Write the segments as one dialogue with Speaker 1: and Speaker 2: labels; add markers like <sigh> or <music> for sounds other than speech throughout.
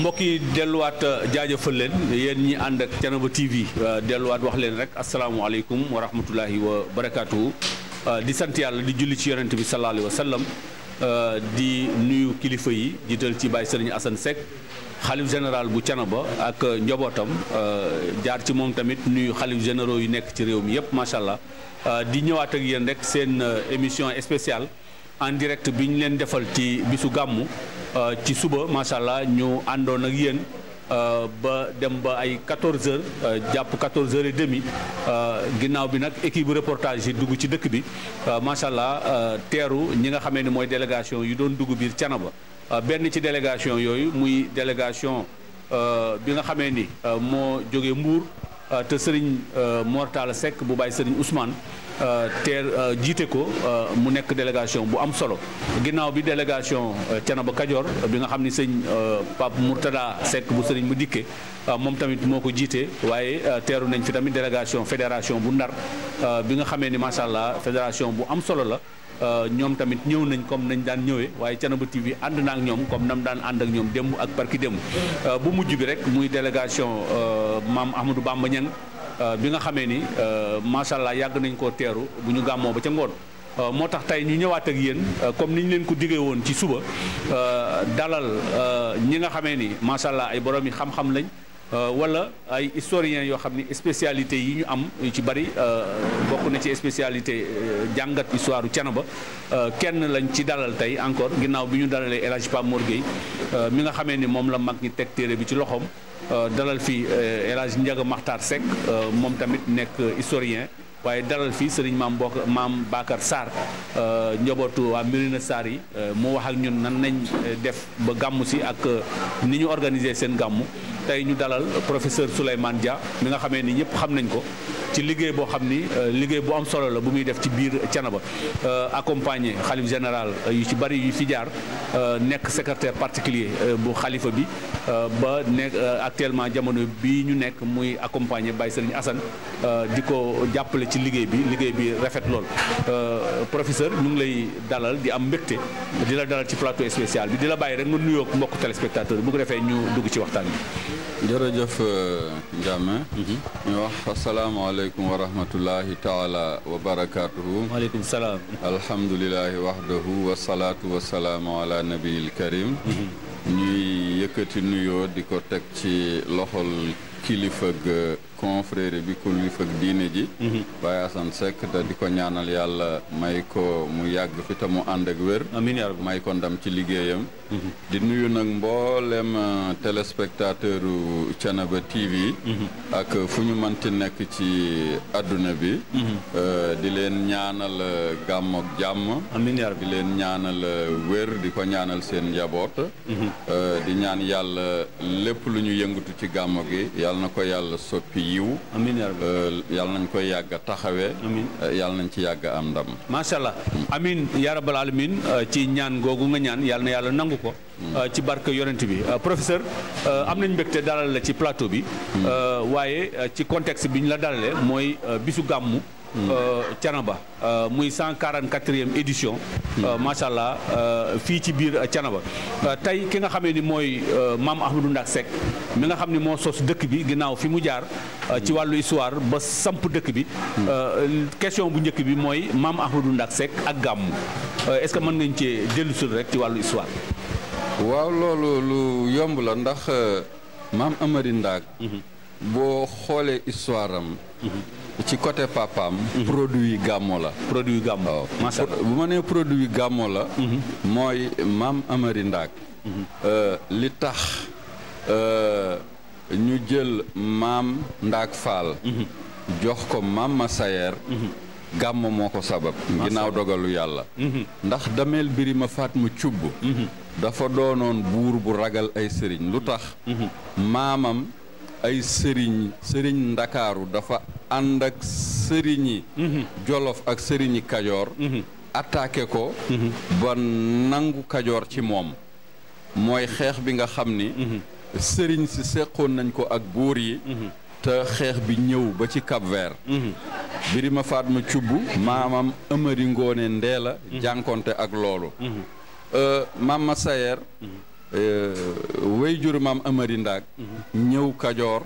Speaker 1: mbokk yi delluwaat euh, jaajëfal leen yéen ñi ànd ak Thiénaba TV euh, delluwaat wax leen rek
Speaker 2: asalaamualeykum wa rahmatulahi wa barakaatu. Euh, di sant yàlla di julli ci yonent bi sallallahu alayhi wa di nuyu kilifa yi jiital ci Baye Serigne Assane Seck xalif général bu Thiénaba ak njobootam jaar ci moom tamit nuyu xalif généraux yu nekk ci réew mi yëpp macha allah di ñëwaat ak yéen rek seen émission spéciale en direct bi ñu leen defal ci bisu gàmmu. Euh, ci suba macha allah ñu àndoon ak yéen euh, ba dem ba ay 14 heures euh, jàpp 14 heures et demi ginnaaw bi nag équipe reportage yi dugg ci dëkk bi macha allah teeru ñi nga xamee ni mooy délégation yu doon dugg biir Thiénaba benn ci délégation yooyu muy délégation bi nga xamee ni moo jóge mbuur te Serigne Mortala sekk bu bàyyi Serigne Ousmane. Euh, teer euh, jiite ko euh, mu nekk délégation bu am solo ginnaaw bi délégation Thiénaba Kajoor bi nga xam ni sëñ Pape Mourtada sekk bu sëriñ mu dikkee moom tamit moo ko jiite waaye teeru nañ fi tamit délégation fédération bu Ndar bi nga xamee ni macha allah fédération bu am solo la. ñoom tamit ñëw nañ comme nañ daan ñëwee waaye Thiénaba TV ànd na ak ñoom comme nam daan ànd ak ñoom démb ak parki démb bu mujj bi rek muy délégation maam Amadou Bamba Euh, bi nga xamee ni euh, macha allah yàgg nañ koo teeru bu ñu gàmmoo ba ca ngoon. Euh, moo tax tey ñu ñëwaat ak yéen comme ni ñu leen ko diggee woon ci suba dalal ñi nga xamee ni macha allah ay borom yi xam-xam lañ. wala ay historiens yoo xam ni spécialité yi ñu am yu ci bari bokk na ci spécialité jàngat histoire ba kenn lañ ci dalal tey encore ginnaaw bi ñu dalalee El Hadj Pape Mor Gueye nga xamee ni moom la mag ñi teg téere bi ci loxoom. Euh, dalal fi euh, El Hadj Ndiaga Makhtar Seck euh, moom tamit nekk historien waaye dalal fii sëriñ maam Bokar maam Bakar Sarr njabootu waa Mérina Sarr yi mu wax ak ñun nan nañ def ba gàmmu si ak ni ñu organiser seen gàmmu tey ñu dalal professeur Souleymane Dia mi nga xamee ni ñëpp xam nañ ko ci liggéey boo xam ni euh, liggéey bu am solo la bu muy def ci biir Thiénaba euh, accompagné xalif général euh, yu ci bari yu fi jaar nekk secrétaire particulier bu xalifa bi ba nekk actuellement jamono bi ñu nekk muy accompagné Baye Serigne Assane di ko jàppale ci liggéey bi liggéey bi rafet lool professeur ñu ngi lay dalal di am mbégte di la dalal ci plateau spécial bi di la bàyyi rek nga nuyoog mbokk téléspectateur bu ko defee ñu dugg ci waxtaan bi jërëjëf euh, Ndiame mhm. ñu wax asalaamaaleykum
Speaker 3: wa rahmatullahi taala wa barakaatuhu waaleykum salaam alhamdulilahi wahdahu wasalaatu wasalaamu ala nabiyil karim mhm. ñuy yëkkati nuyoo di ko teg ci loxol kilifag confrérie bi kilifag diine ji mhm. Baye Assane Seck di ko ñaanal yàlla may ko mu yàgg fi te mu ànd ak wér may ko ndam ci liggéeyam mhm. di nuyu nag mboolem euh, téléspectateur u Thiénaba TV mhm. ak fu ñu mënti nekk ci adduna bi euh, di leen ñaanal euh, gàmm ak jàmm di leen ñaanal wér di ko ñaanal seen njaboot di ñaan yàlla lépp lu ñu yëngatu ci gàmm gi yàlla na ko yàlla soppi yiw amiin euh, nañ koy yàgg a taxawee euh, yàlla nañ ci yàgg am ndam
Speaker 2: macha allah hmm. amiin yaa rabbal alamin euh, ci ñaan googu nga ñaan yàlla na yàlla nangu ko hmm. ci barke yonent bi professeur am nañ mbégte dalal la ci plateau bi hmm. waaye ci contexte bi ñu la dalalee mooy bisu gàmmu Euh, Thiénaba euh, muy cent quarante quatrième édition mm. euh, macha allah fii ci biir Thiénaba tey ki nga xamee ni mooy maam Ahmadou Ndak Seck mi nga xam ni moo sos dëkk bi ginnaaw fi mu jaar ci wàllu histoire ba samp dëkk bi mm. question bu njëkk bi mooy maam Ahmadou Ndak Seck ak gàmm est-ce que mën ngañ cee dellusul rek ci wàllu histoire waaw loolu lu yomb la ndax
Speaker 3: maam Amari Ndak mm-hmm. boo xoolee histoire am mm-hmm. ci côté papaam. produit gàmmoo la. produit gàmmo waaw macha allah bu ma nee produit gàmmo la. Mhm. mooy maam amari Ndaak. Mhm. Euh, li tax euh, ñu jël maam Ndaak Fall. Mhm. jox ko maam Masayer. gàmmo moo ko sabab. ginnaaw dogalu yàlla. ndax dameel birima faat mu cubb. dafa doonoon buur bu ragal ay sëriñ lu tax. maamam. ay sëriñ sëriñ ndakaaru dafa ànd ak sëriñi mhm. jolof ak sëriñi kajoor mhm. attaqué ko mhm. ba nangu kajoor ci moom mooy xeex bi nga xam ni sëriñ si seqoon nañ ko ak buur yi te xeex bi ñëw ba ci Cap Vert Birima Fatma Cubb maamam Amari Ngoone Ndeela jànkonte ak loolu maam euh, ma Sayer Euh, way juru maam Amari Ndaag ñëw Kajoor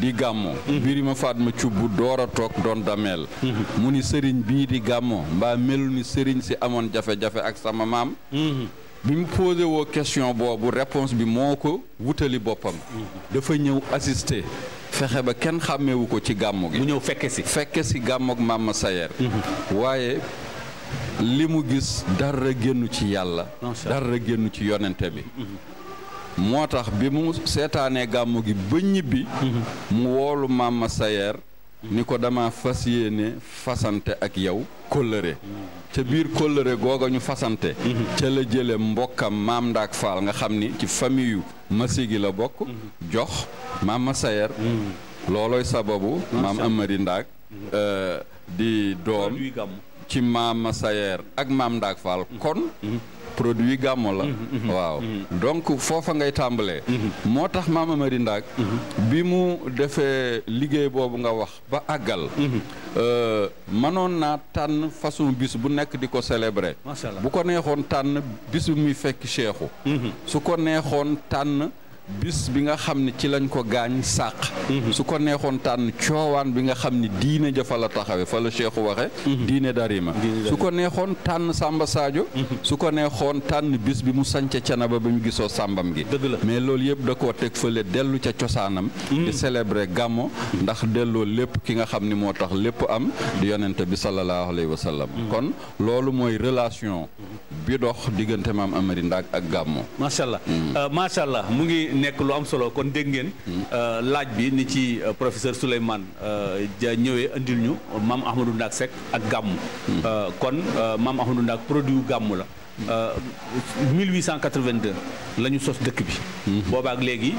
Speaker 3: di gàmmo mhm. Birima Fatma Cubb door a toog doon dameel mhm. mu ni sëriñ bii di gàmmoo mbaa melu ni sëriñ si amoon jafe-jafe ak sama maam mhm. bi mu posé woo question boobu réponse bi moo ko wutali boppam dafa ñëw assister fexe ba kenn xàmmewu ko ci gàmmu gi ñëw fekke si fekke si maam ma sayeer waaye li mu gis dara génn ci yàlla dara génn ci yonente bi moo tax bi mu seetaanee gàmmu gi ba ñibbi mu woolu maama sayeer ni ko dama fas yéene fasante ak yow kóllëre ca biir kóllëre googa ñu fasante ca la jële mbokkam maam ndaak faal nga xam ni ci famille yu masigi la bokk jox maama sayeer loolooy sababu maam amari ndaak euh, di doom ci maam Sayer ak maam Ndaak Fall mhm. kon mhm. produit gàmmo la mhm. waaw donc foofa ngay tàmbalee moo tax maam Amari Ndaak bi mu defee liggéey boobu nga wax ba àggal mënoon euh, naa tànn façon bis bu nekk di ko célébrer bu ko neexoon tànn bisu fekk Cheikhu su ko neexoon tànn bis bi nga xam ne ci lañ ko gaañ sàq mhm. su ko neexoon tànn coowaan bi nga xam ne diine ja fa la taxawe fa la Cheikh waxe mhm. diine ma su ko neexoon tànn sàmba saajo mhm. su ko neexoon tànn bis bi mu ca na ba mu gisoo sàmbam gi mais loolu yëpp da koo teg fële dellu ca cosaanam di célébrer gàmmo ndax delloo lépp ki nga xam ni moo tax lépp am di yonente bi sallallahu alayhi wa sallam kon loolu mooy relation bi dox diggante maam Amary Ndak ak gàmmo
Speaker 2: macha nekk lu am solo kon dégg ngeen. Euh, laaj bi ni ci euh, professeur Souleymane ja euh, ñëwee andil ñu maam Ahmadou Ndak Seck ak gàmmu. Hmm. kon maam Ahmadou Ndak produit gàmmu la. 1882 la ñu sos dëkk bi. Hmm. boobaak léegi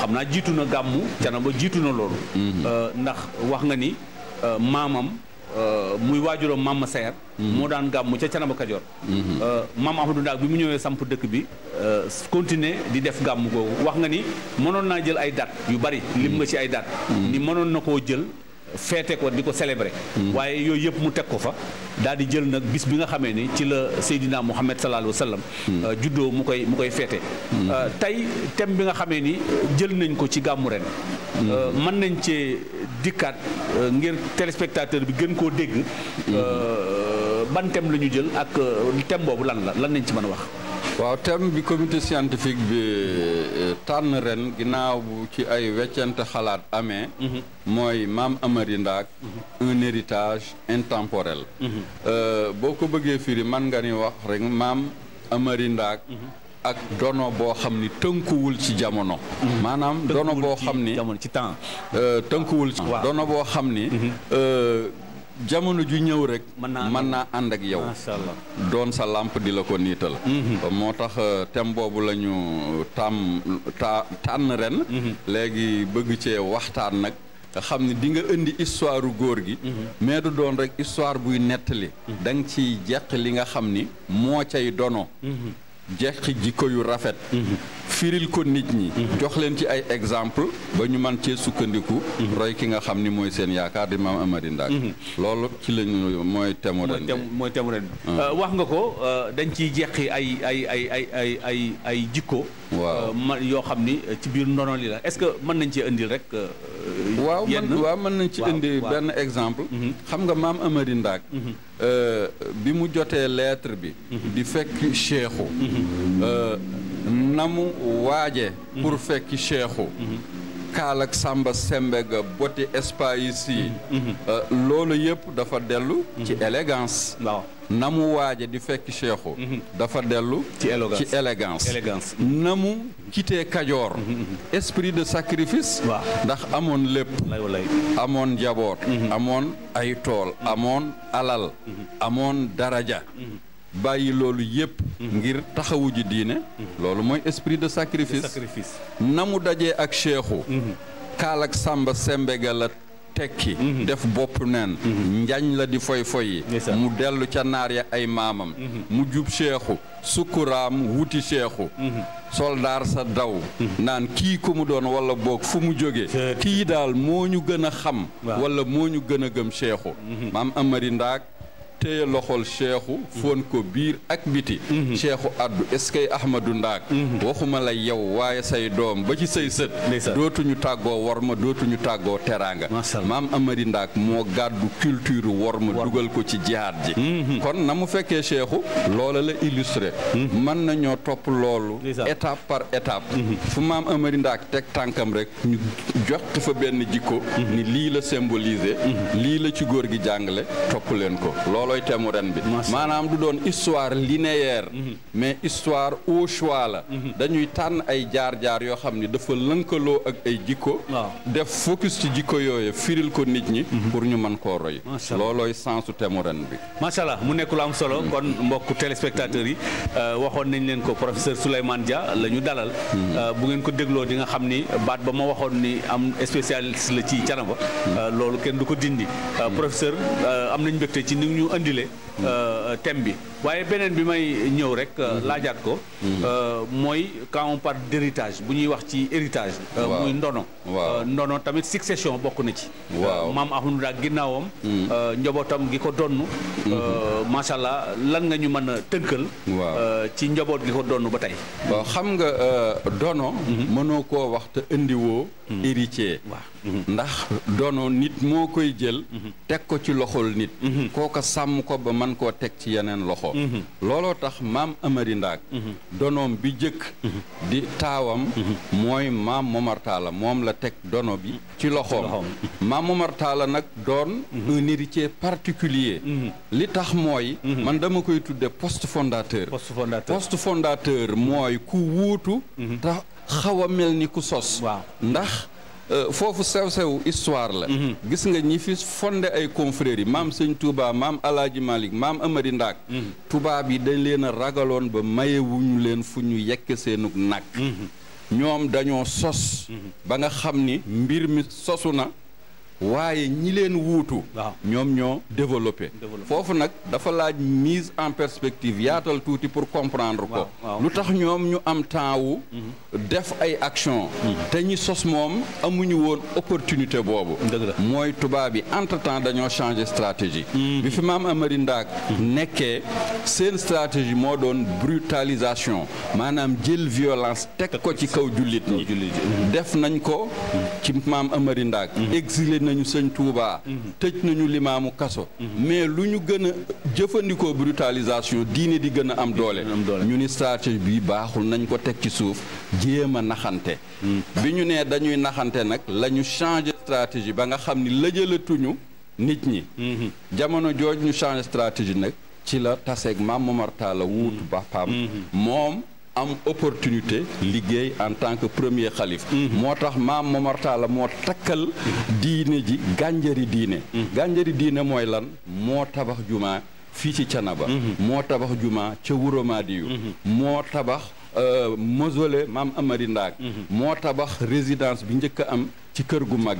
Speaker 2: xam naa jiitu na gàmmu. cana ba jiitu na loolu. Hmm. ndax wax nga ni maamam. Euh, muy waajuram màmm ma mhm. moo daan gàmmu ca Canaba Kajoor mhm. euh, maam Ahmadou bi mu ñëwee samp dëkk bi euh, continuer di def gàmm googu wax nga ni mënoon naa jël ay date yu bari lim nga ci ay date mhm. ni mënoon na koo jël feete ko di ko célébrer. Hmm. waaye yooyu yëpp mu teg ko fa daal di jël nag bis bi nga xamee ni ci la Seydina Muhammad sallallahu alayhi wa sallam. Hmm. Euh, juddoo mu koy mu koy feete. Hmm. Euh, tey thème bi nga xamee ni jël nañ ko ci gàmmu ren. Euh, mën nañ cee dikkaat ngir téléspectateur bi gën koo dégg. ban thème la ñu jël ak thème boobu lan la lan lañ ci mën a wax. waaw thème
Speaker 3: bi comité scientifique bi euh, tànn ren ginnaaw bu ci ay weccante xalaat amee mhm. mooy maam Amary Ndaak mhm. un héritage intemporel mhm. euh, boo ko bëggee firi man nga ni wax rek maam Amary Ndaak ak dono boo xam ni tënkuwul ci jamono maanaam dono boo xam ni jamono ci temps euh, tënkuwul ci dono boo xam ni jamono ju ñëw rek. mën naa ànd ak yow. macha doon sa làmp di la ko niital. Mhm. moo tax euh, tem boobu lañu ñu euh, tànn ren. Mhm. léegi bëgg cee waxtaan nag. nga xam ne di nga indi histoire góor gi. Mhm. mais du doon rek histoire buy nettali. dang ci jeq li nga xam ni moo cay dono. jeexi jikko yu rafet mhm. firil ko nit ñi mhm. jox leen ci ay exemple ba ñu man cee sukkandiku mhm. roy ki nga xam ni mooy seen yaakaar di maam Amady Ndak loolu ci lañu mooy temu ren
Speaker 2: mooy temu ren ah. euh, wax nga ko euh, dañ ciy jeexi ay ay ay ay ay ay ay jikko waaw euh, ma yoo xam ni ci biir ndono li la est-ce que mën nañ cee indil rek
Speaker 3: waaw waaw mën nañ ci indi benn exemple xam nga maam Amady Ndak Euh, bi mu jotee lettre bi di fekk Cheikhou euh, na waaje pour fekk Cheikhou kaalak Samba Sembega boti espace yi mm-hmm. euh, loolu yëpp dafa dellu mm-hmm. ci élégance waaw na mu waaje di fekk Cheikhou mm-hmm. dafa dellu ci élégance élégance na mu quitté Kajoor esprit de sacrifice ndax amoon lépp amoon njaboot amoon ay tool amoon alal amoon daraja bàyyi loolu yépp mhm. ngir taxawu ji diine mhm. loolu mooy esprit de sacrifice na mu dajee ak cheikhu mhm. kaal ak sàmba sembega la tekki def bopp neen njañ la di foy foyi mu dellu ca naar ya ay maamam mu jub cheikhu sukkuraam wuti cheikhu soldaar sa daw naan kii ku mu doon wala boog fu mu jóge kii daal moo ñu gën a xam wala moo ñu gën a gëm cheikhu maam amari ndaak téye loxol cheikhu foon ko biir ak biti mhm. cheikhu addu est-ce que ahmadu mhm. waxuma la yow waaye say doom ba ci say sët dootuñu tàggoo war ma dootuñu tàggoo teraanga maam amari ndaak moo gàddu culture war ma dugal ko ci jihaad ji mhm. kon na mu fekkee cheikhu loola la illustré mën nañoo topp loolu étape par étape fu maam amari ndaak teg tànkam rek ñu jot fa benn jikko ni lii la symboliser lii la ci góor gi jàngale topp leen ko loolooy temu ren bi maanaam du doon histoire linéaire mhm. mais histoire au choix la mhm. dañuy tànn ay jaar-jaar yoo xam ni dafa lënkaloo ak ay jikko def focus ci jikko yooyu firil ko nit ñi mhm. pour ñu man koo roy loolooy sensu temu ren bi
Speaker 2: macha allah mu nekk lu am solo kon mbokku téléspectateurs yi euh, waxoon nañ leen ko professeur Souleymane Dia la ñu dalal euh, bu ngeen ko dégloo di nga xam ni baat ba ma waxoon ni am spécialiste la ci canaba euh, loolu kenn du ko dindi professeur am nañ mbégte ci ni ñu indile euh, thème bi waaye beneen bi may ñëw rek euh, mhm. laajaat ko mhm. euh, mooy quand on d'héritage bu ñuy wax ci héritage muy ndono ndono tamit succession bokk na ci maam ahmadou ndak ginnaawam mhm. njobootam gi ko donn macha allah lan nga ñu mën a tënkal ci njaboot gi ko donn ba tey
Speaker 3: waaw xam nga dono mënoo ko wax te indiwoo héritier waaw ndax doono nit moo koy jël teg ko ci loxol nit mhm. kooka sàmm ko ba man koo teg ci yeneen loxo mhm. looloo tax maam Amari Ndaak mhm. donoom bi jëkk di taawam mooy maam Momar Talla moom la teg dono bi ci loxoom maam Momar Talla nag doon un héritier particulier li tax mooy man dama koy tudde poste fondateur poste fondateur mooy ku wuutu te xaw a mel ni ku sos ndax Euh, foofu sew-sew histoire la mhm. gis nga ñi fi fonde ay confréries yi maam sëñ Touba maam alaaji Malick maam Amari Ndaak mhm. tubaab yi dañ leen a ragaloon ba mayewuñu leen fu ñu yekk seenug nag mhm. ñoom dañoo sos ba nga xam ni mbir mi sosu na waaye ñi leen wuutu. ñoom ñoo développé. foofu nag dafa laaj mise en perspective yaatal tuuti pour comprendre ko. lu tax ñoom ñu am temps wu. Mhm. def ay action mhm. te ñi sos moom amuñu woon opportunité boobu. mooy tubaab yi entre dañoo changer stratégie. Mhm. bi fi maam Amari ndaag nekkee seen stratégie moo doon brutalisation maanaam jël violence teg ko ci kaw jullit ñi. def nañ ko ci maam Amari Ndaak nañu sëñ Touba. Mhm. tëj nañu limaamu kaso. Mhm. mais lu ñu gën a jëfandikoo brutalisation diine di gën a am doole. ñu ni stratégie bi baaxul nañ ko teg ci suuf jéem a naxante. Mhm. bi ñu nee dañuy naxante nag la ñu changé stratégie ba nga xam ni lëjëlatuñu nit ñi. jamono jooj ñu changé stratégie nag ci la taseeg maam Momar Talla wuutu bapaam moom. am opportunité liggéey en tant que premier xalif mhm. moo tax maam Momar Talla moo takkal diine ji gànjari diine mhm. gànjari diine mooy lan moo tabax jumaa fii ci Canaba mhm. moo tabax jumaa ca Wuro Madiyu moo tabax euh, mosole maam Amari Ndaag moo tabax résidence bi njëkk am ci kër gu mag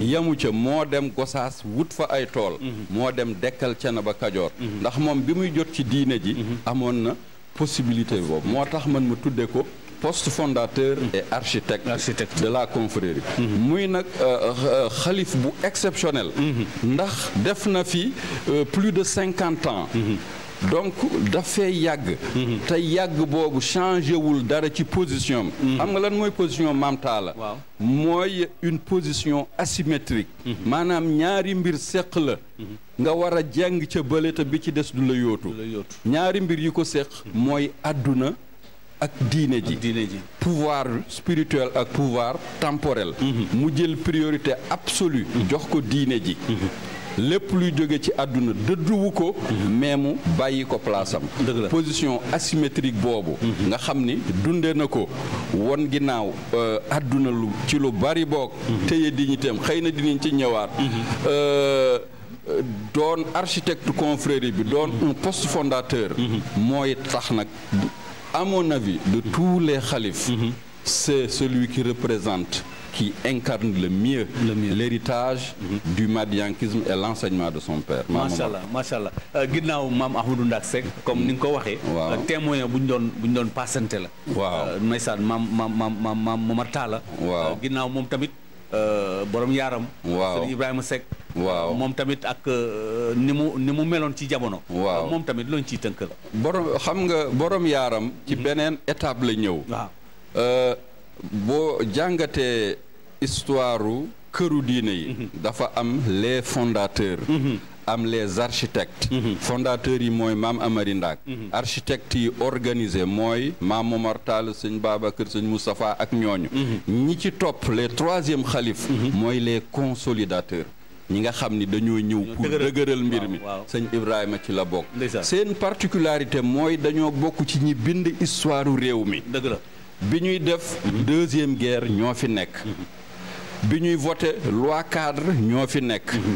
Speaker 3: yamu ca moo dem gosaas wut fa ay tool moo dem dekkal Canaba Kajoor ndax moom bi muy jot ci diine ji amoon na possibilité boobu moo tax man ma tuddee ko post fondateur et architecte, architecte. de la confrérie mhm. muy nag euh, euh, xalif bu exceptionnel mhm. ndax def na fi euh, plus de cinquante ans mhm. donc dafay yàgg. Mhm. te yàgg boobu changé wul dara ci position am. Mhm. xam nga lan mooy position Maam Talla. waaw mooy une position asymétrique. Mhm. maanaam ñaari mbir seq la. nga war a jàng ca bële bi ci des du la yóotu. ñaari mbir yi ko seq. mooy àdduna. ak diine ji diine ji pouvoir spirituel ak pouvoir temporel. mu jël priorité absolue. jox ko diine ji. lépp luy jóge ci àdduna dëdduwu ko mhm. mais mu bàyyi ko palaasam position asymétrique boobu mhm. nga xam ni dunde na ko won ginnaaw euh, àdduna lu ci lu bari boog mhm. téye dignitéem xëy na dinañ ci ñëwaat euh, doon architecte confrérie bi doon un poste fondateur mooy tax nag amoon mon avis de tous les xalifs c'est celui qui représente qui incarne le mieux l'héritage mhm. du madiankisme et l'enseignement de son père macha allah
Speaker 2: macha allah euh, ginnaaw maam a Ndak Seck comme ni nga ko waxee waaw euh, témoin bu ñu doon bu ñu doon passante la waaw euh, ndeysaan maam maam maam maam maam Momar Talla waaw ginnaaw moom tamit boroom yaaram waaw sëñ Ibrahima Seck waaw moom tamit ak ni mu ni mu meloon ci jamono waaw moom tamit looñ ci tënk la xam nga
Speaker 3: boroom yaaram ci mhm. beneen étape la ñëw waaw jàngatee histoire këru diine yi mhm. dafa am les fondateurs mhm. am les architectes mhm. fondateurs yi mooy maam Amari Ndaak architectes yi organisé mooy maam Momar Tall sëñ kër sëñ Moustapha ak ñooñu ñi ci topp les troisième xalif mooy les consolidateurs ñi nga xam ni dañoo ñëw pour dëgëral mbir mi sëñ Ibrahima ci la bokk seen particularité mooy dañoo bokk ci ñi bind histoire réew mi dëgg bi ñuy def deuxième guerre ñoo fi nekk bi ñuy voté loi cadre ñoo fi nekk. Mm-hmm.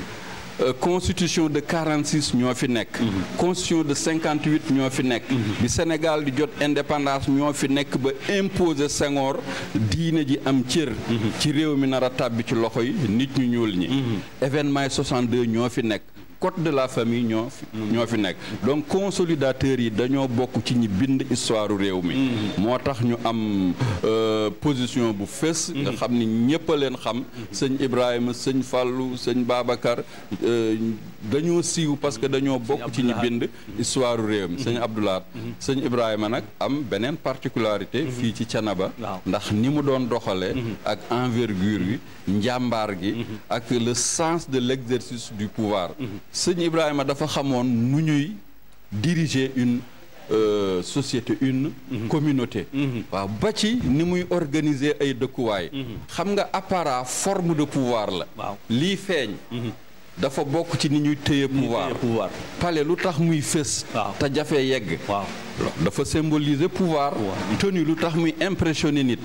Speaker 3: Euh, constitution de 46 ñoo fi nekk. Mm-hmm. constitution de cinquante 58 ñoo fi nekk. Mm-hmm. bi Sénégal di jot indépendance ñoo fi nekk ba imposer Senghor diine ji am cër. ci réew mi nar a tàbbi ci loxo yi nit ñu ñuul ñi. événement 62 ñoo fi nekk. code de la famille ñoo fi nekk donc consolidateurs yi dañoo bokk ci ñi bind histoire réew mi mm-hmm. moo tax ñu am euh, position bu fës mm-hmm. nga xam ni ñëpp a leen xam mm-hmm. sëñ Ibrahima sëñ Fallou sëñ Babacar euh, dañoo siiw parce que dañoo bokk ci ñi bind histoire réew mi sëñ Abdoulaat sëñ Ibrahima nag am beneen particularité fii ci Canaba ndax ni mu doon doxalee ak envergure yi njàmbaar gi ak le sens de l'exercice du pouvoir sëñ Ibrahima dafa xamoon nu ñuy diriger une Euh, société une mhm. communauté mhm. waaw ba ci ni muy organiser ay dëkkuwaay mhm. xam nga apparat forme de pouvoir la lii feeñ dafa bokk ci ni ñuy téye pouvoir palais lu tax muy fés te jafe yegg waaw dafa symboliser pouvoir tenu lu tax muy impressionner nit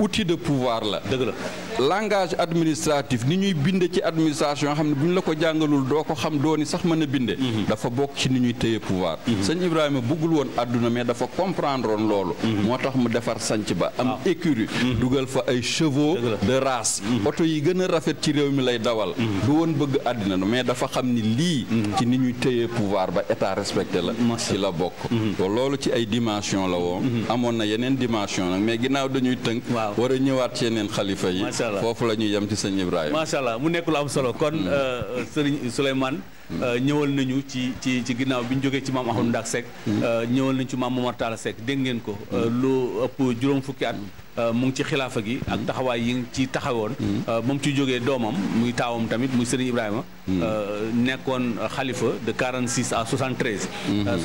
Speaker 3: outil de pouvoir la dëgg la langage administratif ni ñuy binde ci administration yoo xam ne bu ñu la ko jàngalul doo ko xam doo ni sax mën a binde mhm. dafa bokk ci ni ñuy téye pouvoir mhm. sëñ Ibrahima buggul woon àdduna mais dafa comprendre woon loolu mhm. moo tax mu defar sanc ba am ah. écurie dugal fa ay chevaux de race oto yi gën a rafet ci réew mi lay dawal du woon bëgg àddina mais dafa xam ni lii ci ni ñuy téye pouvoir ba état respecté la ci la bokk loolu ci ay dimension la woon amoon na yeneen dimension nag mais ginnaaw dañuy tënk war a ñëwaat ci yeneen xalifa macha foofu la ñuy yem ci sëñ Ibrahima.
Speaker 2: macha allah mu nekk lu am solo kon mm. euh, euh, sëriñ Souleymane. Mm. Euh, ñëwal nañu ci ci ci ginnaaw bi ñu jógee ci maam Ahmadou Ndak Seck. Mm. ñëwal nañu ci maam Momar Talla Seck dégg ngeen ko. lu ëpp juróom fukki at. mu ngi ci xilaafa gi ak taxawaay yi ngi ci taxawoon moom ci jógee doomam muy taawam tamit muy Serigne Ibrahima nekkoon xalifa de 46 à 73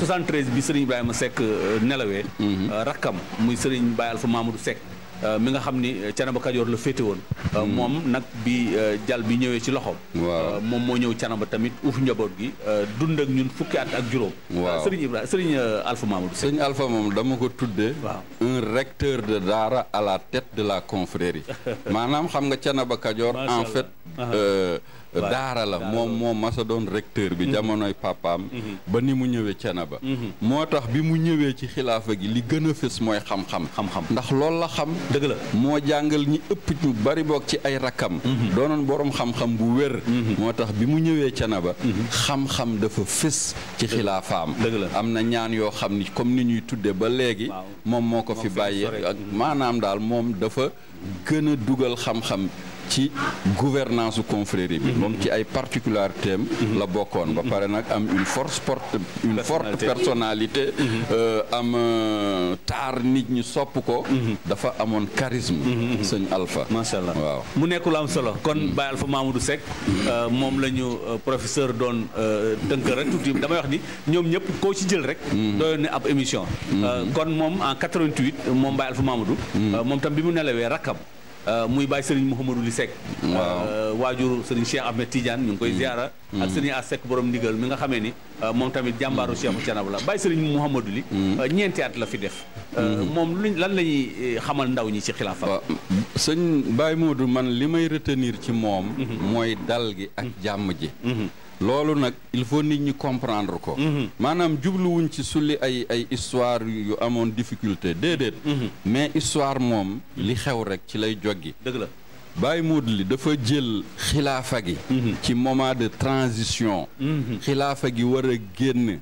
Speaker 2: 73 mm-hmm. bi Serigne Ibrahima Seck nelawee mm-hmm. rakkam muy Serigne Baye Alfa du Seck Euh, mi nga xam ni Canaba euh, Kajoor la féete woon. Euh, hmm. moom nag bi jàll bi ñëwee ci loxoom. waaw moom moo ñëw Canaba tamit uuf njaboot gi dund ak ñun fukki at ak juróom. waaw Serigne Ibrahima Serigne Alpha Mamadou. Serigne
Speaker 3: Alpha moom dama ko tuddee. waaw un recteur de daara à la tête de la confrérie. <laughs> maanaam xam nga Canaba Kajoor en fait. Uh-huh. Euh, daara la moom moo masa doon recteur bi mm-hmm. jamonoy papaam mm-hmm. ba ni mu ñëwee Thiénaba mm-hmm. moo tax bi mu ñëwee ci xilaafa gi li gën a fës mooy xam-xam ndax lool la xam dëgg moo jàngal ñi ëpp ñu bari boog ci ay rakkam doonoon boroom xam-xam bu wér moo tax bi mu ñëwee Thiénaba xam-xam dafa fës ci xilaafaam dëgg la am na ñaan yoo xam ni comme ni ñuy tudde ba léegi moom moo ko fi bàyyi ak maanaam daal moom dafa gën dugal xam-xam ci gouvernance su confrérie bi mhm. moom ci ay particularité am mhm. la bokkoon ba mhm. pare nag am une force porte une forte personnalité euh, am euh, taar nit ñu sopp ko dafa amoon charisme sëñ Alpha macha allah waaw
Speaker 2: mu nekkul am solo kon Baye Alpha du Seck euh, moom la ñu professeur doon tënk rek damay wax ni ñoom ñëpp koo ci jël rek doyoon ne ab émission kon moom en 88 moom Baye Alpha Mamadou moom tam bi mu nelawee rakkam Euh, muy bàyyi Serigne Mouhamadou Li Seck. waaw euh, waajur Serigne Cheikh Ahmed Tidiane ñu ngi koy mm. ziara. Mm. ak Serigne a Seck boroom ndigal mi nga xamee ni euh, moom tamit jàmbaaru mm. Cheikh Thiénaba la bàyyi Serigne Mouhamadou Li. ñeenti at la fi def. moom luñ lan la xamal ndaw ñi ci xilaafa. sëñ
Speaker 3: Baye Modou man li may retenir ci moom. Mm-hmm. mooy dal gi ak mm-hmm. jàmm ji. Mm-hmm. loolu nag il faut nit ñi comprendre ko mhm. maanaam jubluwuñ ci sulli ay ay histoire yu amoon difficulté déedéet mhm. mais histoire moom li xew rek ci lay joggi dëgg la Baye Mood li dafa jël xilaafa gi mhm. ci moment de transition xilaafa gi war a génn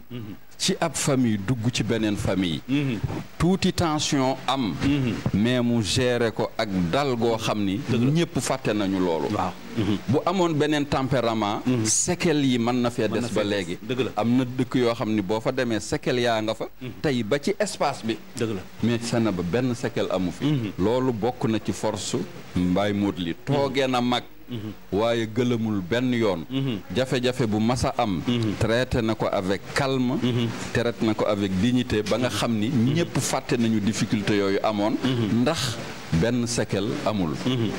Speaker 3: ci ab famille dugg ci beneen famille mhm. tuuti tension am mhm. mais mu gere ko ak dal goo xam ni ñëpp fàtte nañu loolu waaw mhm. bu amoon beneen tempérament sekel yi mën na fee des ba léegi am na dëkk yoo xam ni boo fa demee sekel yaa nga fa tey ba ci espace bi dëgg la mais Sénégal benn sekel amu fi loolu bokk na ci force mbaay móot toogee na mag waaye gëlëmul benn yoon jafe-jafe bu mas am traité na ko avec calme traité na ko avec dignité ba nga xam ni ñëpp fàtte nañu difficulté yooyu amoon ndax benn sekel amul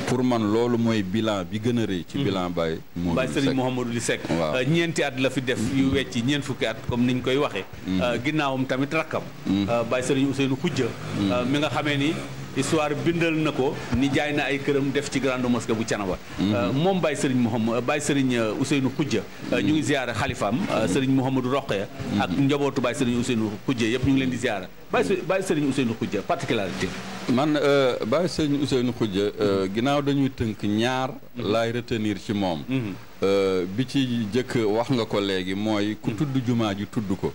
Speaker 2: pour man loolu mooy
Speaker 3: bilan bi gën a rëy ci bilan Baye Baye Serigne
Speaker 2: Mouhamadou Ly Seck waaw euh, ñeenti at la fi def yu wecci ñeent fukki at comme niñ koy waxee mm-hmm. euh, ginnaawam tamit rakkam mm-hmm. euh, Baye Serigne Ousseynou Khoudia mm-hmm. mi nga xamee ni histoire bindal na ko ni jaay na ay këram def ci grande mosquée bu Canaba mhm. euh, moom Baye Serigne Mouhamad euh, Baye Serigne euh, Ousseynou Khoudia mhm. ñu ngi ziyaara xalifaam mhm. Serigne Mouhamadou Roqe ak njabootu Baye Serigne Ousseynou Khoudia yëpp ñu ngi leen di ziyaara Baye Serigne Ousseynou Khoudia particularité man Baye Serigne Ousseynou Khoudia
Speaker 3: ginnaaw dañuy tënk ñaar laay retenir ci moom Euh, bi ci jëkk wax nga ko léegi mooy ku tudd jumaa ji tudd ko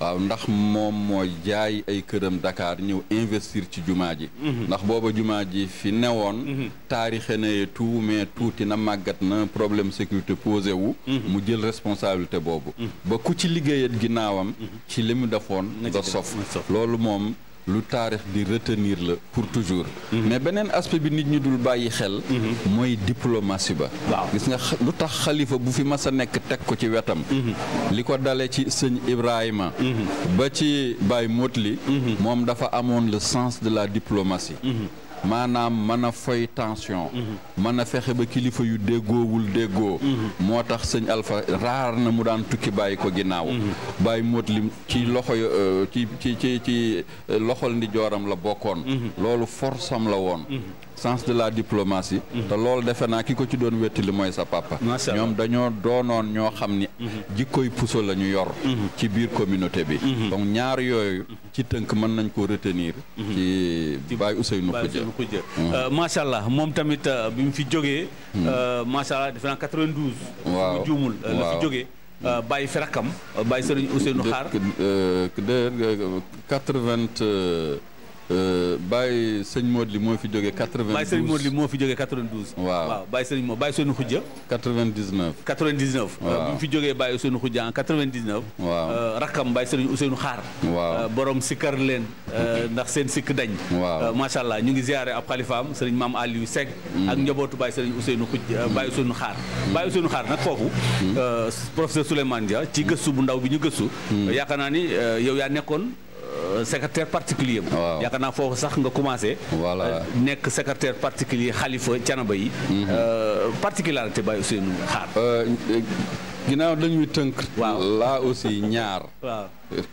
Speaker 3: waaw ndax moom mooy jaay ay këram Dakar ñëw investir ci jumaa ji mhm. ndax booba jumaa ji fi newoon mhm. taarixe ne tout mais tuuti na màggat na problème sécurité posé wu mhm. mu jël responsabilité boobu ba ku ci liggéeyat ginnaawam ci li mu defoon nga sof loolu moom lu taarix di retenir la pour toujours. Mhm. mais beneen aspect bi nit ñi dul bàyyi xel. Mhm. mooy diplomatie ba. gis nga lu tax xalifa bu fi mas a nekk teg ko ci wetam. Mhm. li ko dale ci sëñ Ibrahima. ba ci Baye Motli. moom dafa amoon le sens de la diplomatie. maanaam mën a foy tension mhm. mën a fexe ba kilifa yu déggoowul déggoo mhm. moo tax sëñ alfa raar na mu daan tukki bàyyi ko ginnaaw mhm. bàyyi móot lim ci loxo euh, ci ci ci ci euh, loxol ndi jooram la bokkoon loolu forsam la woon sens de la diplomatie. Mhm. te loolu defe naa ki ko ci doon wettali mooy sa papa. ñoom dañoo doonoon ñoo xam ni. Mhm. jikkoy puso la ñu yor. Mhm. ci biir communauté bi. donc ñaar yooyu. ci tënk mën nañ koo retenir. ci Baye Ousseynou Koudia.
Speaker 2: macha euh, allah moom tamit euh, bi mu fi jógee. Euh, macha allah defe naa 92. waaw mu juumul la fi jógee. bàyyi fi rakkam bàyyi sëriñ Ousseynou
Speaker 3: Xaar. de de quatre vingt. Euh, Baye sëñ Modli moo fi jógee 92 Baye sëñ moo fi jógee
Speaker 2: 92. waaw waaw Baye sëñ Mo Baye Sonu Khoudia. 99. 99. waaw euh, bi mu fi jógee Baye Sonu Khoudia en 99. waaw euh, rakkam Baye sëñ Ousseynou Xaar. boroom borom sikkar leen. ndax seen sikk dañ. waaw macha allah ñu ngi ziare ab xalifaam sëriñ maam Aliou Seck. ak mm. njabootu Baye sëñ Ousseynou Khoudia mm. Baye Ousseynou Xaar. Baye Ousseynou Xaar nag foofu. Mm. professeur Souleymane Dia ci gëstu bu ndaw bi ñu gëstu. yaakaar naa ni yow yaa nekkoon. Euh, secrétaire particulier am ah, yaakaar naa foofu sax nga commencé voilà euh, nekk secrétaire particulier xalifa canaba yi mhm. euh, particularité Baye Ousseynou xaar ginnaaw
Speaker 3: dañuy tënk laa aussi ñaar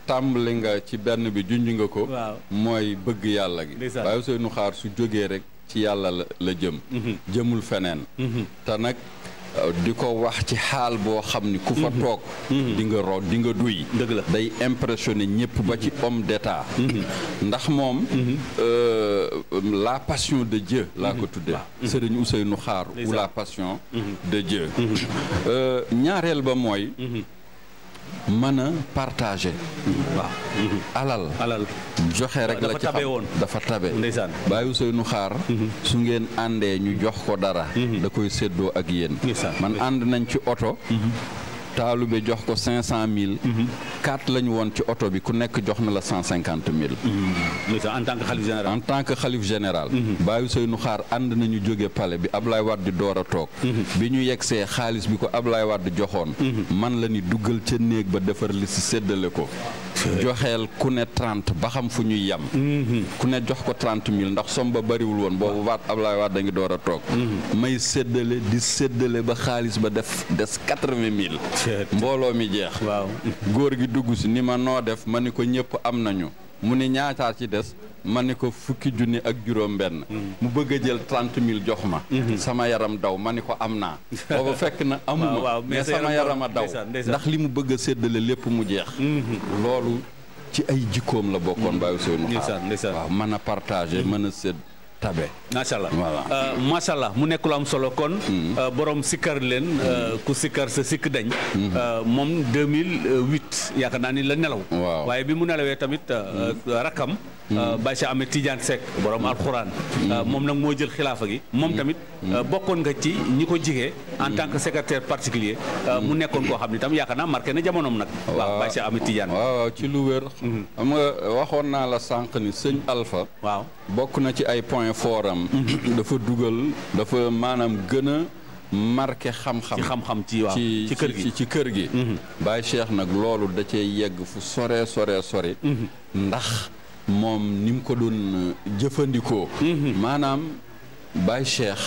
Speaker 3: tàmbali nga ci benn bi junj nga ko mooy bëgg yàlla gi Baye Ousseynou xaar su jógee rek ci yàlla la jëm mhm. jëmul feneen mhm. te nag di ko wax ci xaal boo xam ni ku fa mhm. toog mhm. di nga roog di nga duy dëgg day impressionné ñëpp ba ci homme d'état mhm. ndax moom euh, la passion de Dieu laa ko tuddee Serigne Ousseynou Xaar ou la passion de Dieu euh, ñaareel ba mooy mën a partager. waaw alal. joxe rek la ci xam dafa tabe ndeysaan bàyyi Ousseynou xaar. Mhm. su ngeen àndee ñu jox ko dara. Mhm. da koy seddoo ak yéen. man ànd nañ ci oto. Mhm. taalube jox ko cinq cent mille. Mhm. quatre lañu woon ci oto bi ku nekk jox na la cent cinquante mille. Mhm. en tant que xalif général en tant que xalif général. Mhm. bàyyi Seynou Xaar ànd nañu jóge pale bi ab Ablaye Wade door a toog. bi ñu yegsee xaalis bi ko ab Ablaye Wade joxoon. man la ni duggal ca néeg ba defar li si séddale ko. joxeel ku ne trente ba xam fu ñuy yem mm-hmm. ku ne jox ko trente mille ndax som ba bariwul woon boobu waat Ablaye laay da dangi door a toog mm-hmm. may séddale di séddale ba xaalis ba def des quatre-vingt mille mbooloo mi jeex waaw góor gi dugg si ni ma noo def ma ni ko ñëpp am nañu mu ne ñaataar ci des ma ne ko fukki junni ak juróom benn mu bëgg a jël trente mille jox ma mhm. sama yaram daw ma ne ko am naa booba fekk na <laughs> amuma mais sama yaram a daw ndax li mu bëgg séddale lépp mu jeex mhm. loolu ci ay jikkoom la bokkoon mhm. bàyyi seen waaw mën a partager
Speaker 2: mën a sédd tabe macha allah voilà euh, macha allah mu nekk lu am solo kon. Hmm. Euh, borom sikkar leen hmm. euh, ku sikkar sa sikk dañ. Hmm. moom 2008 yaakaar naa ni la nelaw. waaye bi mu nelawee tamit rakam. Baye Cheikh Ahmed Tidiane Seck borom alxuraan. moom nag moo jël xilaafa gi moom tamit bokkoon nga ci ñi ko jigee en tant que secrétaire particulier mu nekkoon koo xam ne tam yaakaar naa marqué na jamonoom nag. waaw Baye Cheikh Ahmed Tidiane.
Speaker 3: waaw ci lu wér. xam
Speaker 2: nga waxoon naa
Speaker 3: la sànq ni sëñ Alpha. waaw bokk na ci ay point effort mhm. dafa dugal dafa maanaam gën a marqué xam-xam. ci xam-xam ci kër gi ci kër gi. Mhm. Baye Cheikh nag loolu da cee yegg fu sore sore sore. Mhm. ndax moom ni mu ko doon jëfandikoo. maanaam Baye Cheikh.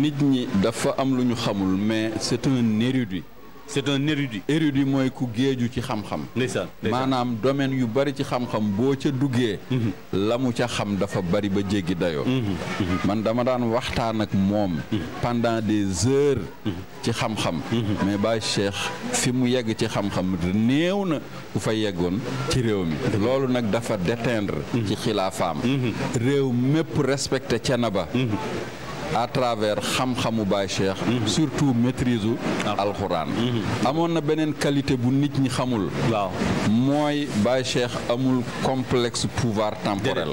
Speaker 3: nit ñi dafa am lu ñu xamul mais c'est un érudit. c'est un érudit. érudit mooy ku géeju ci xam-xam. ndeysaan maanaam domaine yu bari ci xam-xam boo ca duggee. Mhm. la mu ca xam dafa bari ba jéggi dayoo. Mhm, mhm. man dama daan waxtaan ak moom. pendant des heures. ci xam-xam. mais Baye Cheikh fi mu yegg ci xam-xam néew na ku fa yeggoon ci réew mi. loolu nag dafa déteindre. ci xilaafaam. réew mépp respecté cana ba. à travers xam-xamu Baye Cheikh. Mhm. surtout maîtrise u alxuraan. Mhm. amoon na beneen qualité bu nit ñi xamul. waaw mooy Baye Cheikh amul complex pouvoir temporel.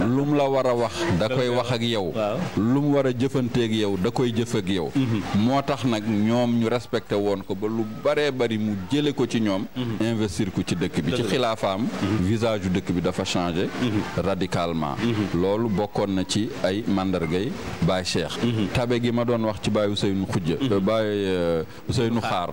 Speaker 3: lu mu la war a wax da koy wax ak yow. lu mu war a jëfanteeg yow da koy jëf ak yow. Mhm. moo tax nag ñoom ñu respecté woon ko ba lu baree bari mu jële ko ci ñoom. investir ko ci dëkk bi ci xilaafaam. visage yu dëkk bi dafa changé. radicalement. loolu bokkoon na ci ay mandargay. Baye Cheikh. Mhm. tabe gi ma doon wax ci Baye Ousseynou Khoudia. Mhm. Euh, Baye euh, Ousseynou Xaar.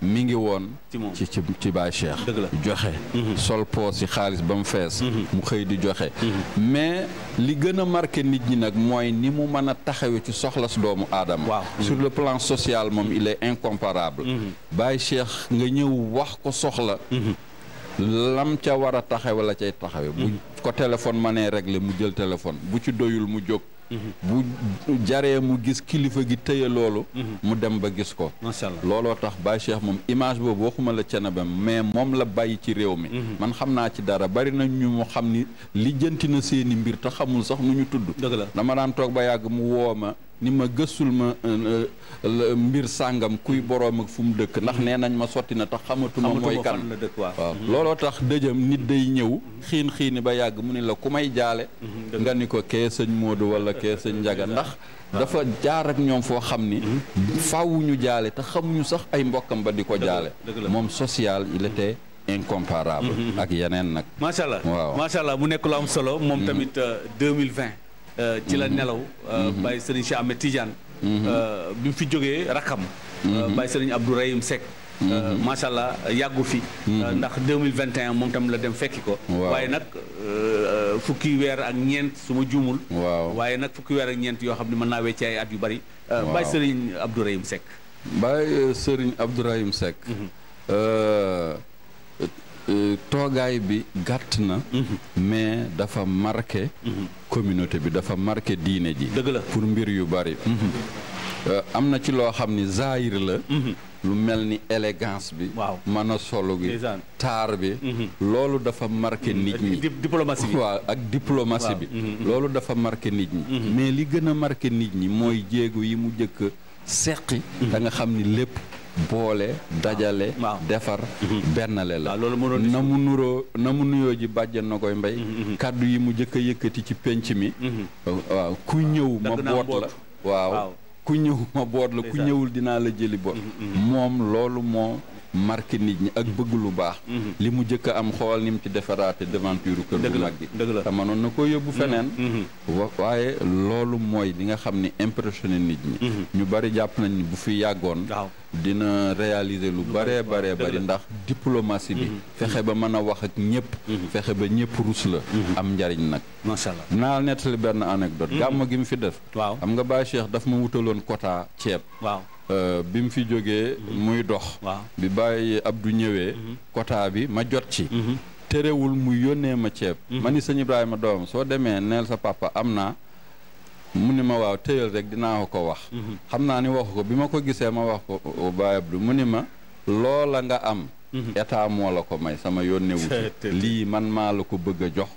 Speaker 3: mi ngi woon. ci ci ci Baye Cheikh. joxe. Mhm. sol poos yi xaalis ba mu fees. mu xëy di joxe. mais li gën a nit ñi nag mooy ni mu mën a taxawee ci soxlas doomu aadama. sur le plan social moom il est incomparable. Baye nga ñëw wax ko soxla. lam ca war a taxawe la cay taxawe bu ko téléphone ma nee réglé mu jël téléphone bu ci doyul mu jóg. bu jaree mu gis kilifa gi tëye loolu mu dem ba gis ko macha looloo tax Baye Cheikh moom image boobu waxuma la canabam mais moom la bàyyi ci réew mi mhm. man xam naa ci dara bari na ñu mu xam ni lijjanti na seeni mbir te xamul sax nu ñu tudd dama daan toog ba yàgg mu woo ma ni ma gëstul ma euh, euh, mbir sàngam kuy boroom ak fu mu dëkk ndax nee nañ ma sotti na tax xamatuma mooy kan waaw mm-hmm. looloo tax dëjëm nit day ñëw xiin xiini ba yàgg mu ni la ku may jaale mm-hmm. nga ni ko kee sëñ Modou wala kee sëñ Njaga <laughs> ndax dafa jaar ak ñoom foo xam ni mm-hmm. faaw ñu jaale te xamuñu sax ay mbokkam ba di ko jaale moom social il était incomparable ak yeneen nag macha
Speaker 2: waaw macha allah mu nekk lu am solo moom tamit 2020 euh, Euh, ci la nelaw bàyyi sëriñ si Ahmed Tidiane mm-hmm. euh, bi mu fi jógee rakkam euh, mm-hmm. bàyyi sëriñ Abdourahim Seck mm-hmm. macha allah yàggu fi. ndax 2021 moom tam la dem fekki ko. waaye nag fukki weer ak ñeent su ma juumul. waaye nag fukki weer ak ñeent yoo xam ne mën naa wecc ay at yu bari. waaw Baye
Speaker 3: Serigne Abdourahim Seck. Baye Serigne Abdourahim Seck. Euh, toogaay bi gàtt na. Mhm. mais dafa marke mhm. communauté bi dafa marqué diine ji. dëgg pour mbir yu bari. Mhm. Euh, am na ci loo xam ni zaayir la. lu mel ni élégance bi. waaw mën a solo gi. taar bi. loolu dafa marqué nit ñi.
Speaker 2: diplomatie bi waaw ak diplomatie bi.
Speaker 3: loolu dafa marqué nit ñi. mais li gën a marqué nit ñi mooy jéego yi mu jëkk seqi da nga xam ni lépp. boole dajale defar mhm. bennale la na mu nuroo namu nuyoo ji bàjjan na koy mbay mhm, mhm, kàddu yi mu jëkk a yëkkati ci pénc mi waaw ku ñëw ma boot la waaw ku ñëw ma boot la ku ñëwul dinaa la jëli boot moom loolu moo marqué nit ñi ak bëgg lu baax mhm. li mu jëkk am xool ni mu ci defaraate devanture kër bu mag gi te mënoon na koo yóbbu feneen mhm. Mhm. waaye loolu mooy li nga xam ni impressionné nit ñi ñu bari jàpp nañ bu fi yàggoon dina réaliser lu bare bare bari ndax diplomatie bi fexe ba mën a wax ak ñëpp fexe ba ñëpp rus la am njariñ nag macha allah dinaa nettali benn anecdote gàmm gi mu fi def waaw xam nga Baye Cheikh daf ma wutaloon quota ceeb waaw Euh, bi mu fi jógee muy dox bi bàyyi du ñëwee mhm. quota bi ma jot ci mhm. terewul mu yónnee ma ceeb mhm. ma ni sëñ Ibrahima doom soo demee neel sa papa am naa mu ni ma waaw téyal rek dinaa ko wax xam naa ni waxu ko bi ma ko gisee ma wax ko Baye Abdou mu ni ma loola nga am état moo la ko may sama yónnewu <laughs> lii man maa la ko bëgg a jox